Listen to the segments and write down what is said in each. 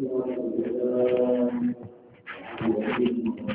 Thank you.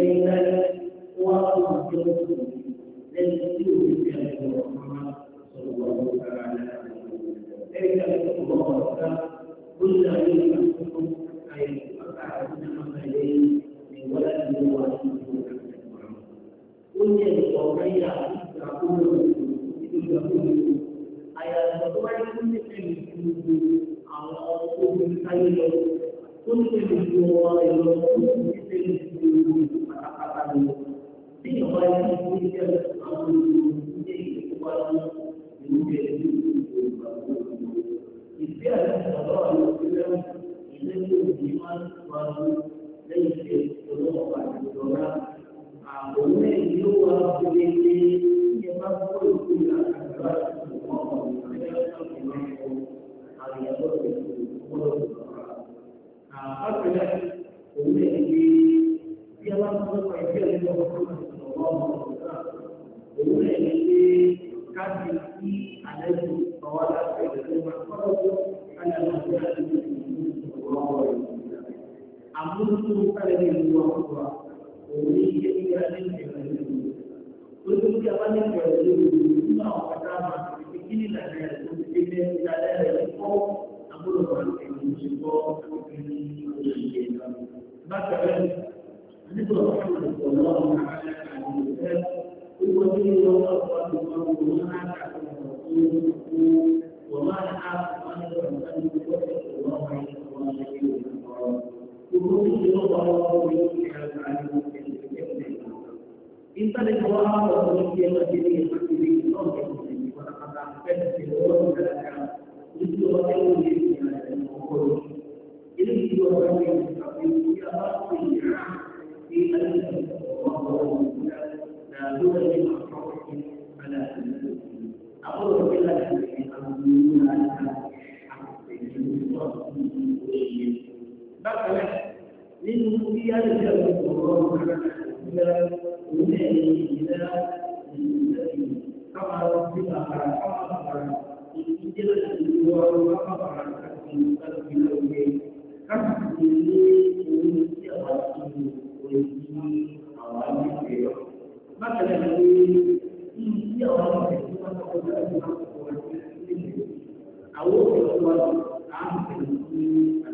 إلينا وأنصره للسوء كما محمد صلى الله تعالى عليه وسلم ليس لكم الله كل يوم أي أقعدنا عليه من ولد واحد Punya suaminya dahulu itu dahulu ayat satu ayat ini Allah pun saya tó ní ṣe gbogbo ọ̀rọ̀ ìlọ tó ní ṣe gbogbo pátápátá ni bí ìwà ẹni tó ń jẹ́ àwọn olùdíje ìwádìí ìwúdí ẹni tó ń gbà gbogbo. Ìgbé àti ìṣọ̀rọ̀ àwọn òṣèré ilé tó ń bí máa ń wájú lẹ́yìn tí ọlọ́wọ́ àti ìjọba. Àwọn mẹ́rin ló wà lórí ilé ní ẹ bá gbọ́ ìlú àgbà àti ìwọ̀n ọ̀rọ̀ ìgbà àti ìyàwó rẹ̀ kúrò lọ́wọ́. هؤلاء الذي يلا نطلق عزيزي الله صلى الله عليه وسلم هؤلاء الذي كان يأتي عليه طوال حياته محفظته على ما جاء به صلى الله عليه وسلم أمرت عليه الله أولئك إلى من قلت لك أن يكون هناك كتابة في كل الأحيان مثلا ذكر محمد صلى الله عليه وسلم هو دين الله وما نعلم وما نعلم ان الله عليه وسلم وقوله الله ويوحي على العالم انت لك الله ويوحي على يلجأ الضرر إلى أولئك إلى كما ربنا على حقا إلى الجوار حقا على حقا قلب الأولين كما تقولون في أرسل ويجي أوامر خير مثلا نقول إن في أوامر خير فقد أجمع أو في الأول عام في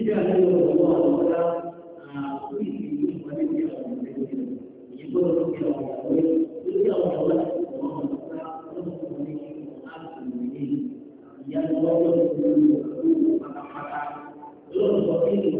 ketika dia berdoa kepada Nabi Muhammad SAW, ia berdoa kepada Nabi Muhammad SAW, ia berdoa kepada Nabi Muhammad SAW, ia berdoa kepada Nabi Muhammad SAW, ia berdoa kepada Nabi Muhammad SAW, ia berdoa kepada Nabi Muhammad SAW, ia berdoa kepada Nabi Muhammad SAW,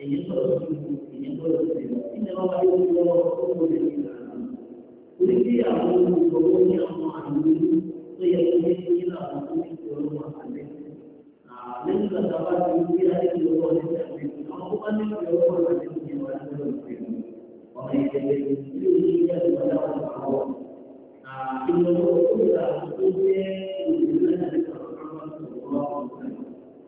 一年多，一年多都来了，现在我把这个这个事情啊，我们只有我们有万元，所以这些资金呢，我们全部还的。啊，那个的话，我们既然有这个钱，我们不管你们有没有提前完成任务，我们就是积极的去把握。啊，因为这个今天你不能超过十万，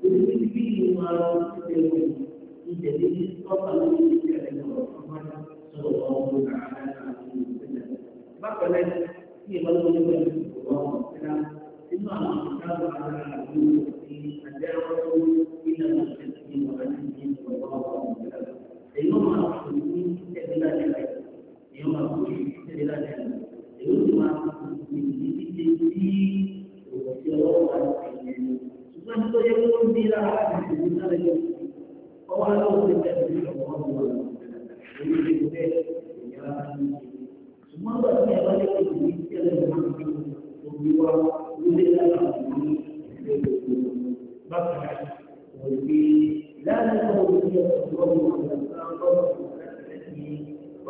所以希望就是。而且啲多數啲嘢喺外國翻翻，做個會假嘅，但係啲嘢真嘅。不過咧，呢個都應該唔錯嘅，係啦，希望大家嘅。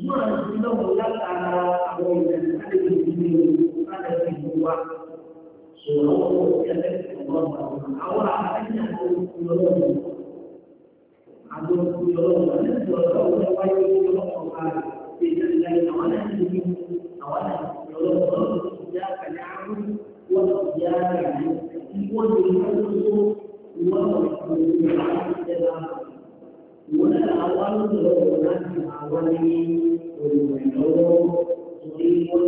cuma kita melihat antara Abu dan ada di sini ada di bawah surau yang ada di awal akhirnya surau Abu surau mana surau yang paling kita lakukan di dalam awal ini awal surau dia kenyang dia kenyang dia kenyang dia kenyang dia kenyang dia kenyang dia kenyang Mula awal terlalu awal ini Berlalu Berlalu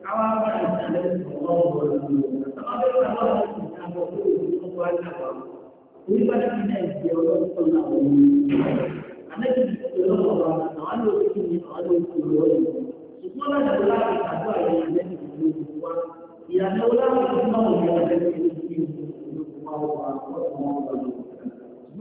Kawan-kawan yang ada Allah berlalu Sama-sama Allah Sama-sama Sama-sama Daripada kita yang dia orang pernah beri Anda jadi kira orang Nalu sini, nalu sini Semua dah berlaku Satu ayat yang ada di sini Semua Ia ada ulang Semua yang ada di sini Semua orang Semua orang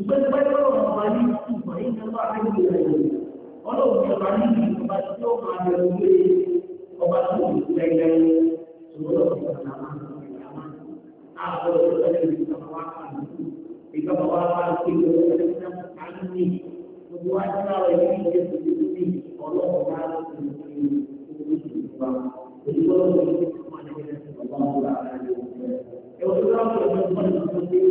Sebenarnya kalau orang Bali itu main tanpa ada duit lagi. Kalau orang Bali itu tempat itu orang ada duit, tempat itu lain lain. Semua orang kita nama, nama. Ah, kalau kita ada di kawasan itu, di kawasan itu kita ada di kawasan ini. Semua orang ada di sini, di sini. Kalau orang ada di sini, di sini. Jadi kalau kita semua ada di sini, kita semua ada di sini. Kalau orang ada di sini,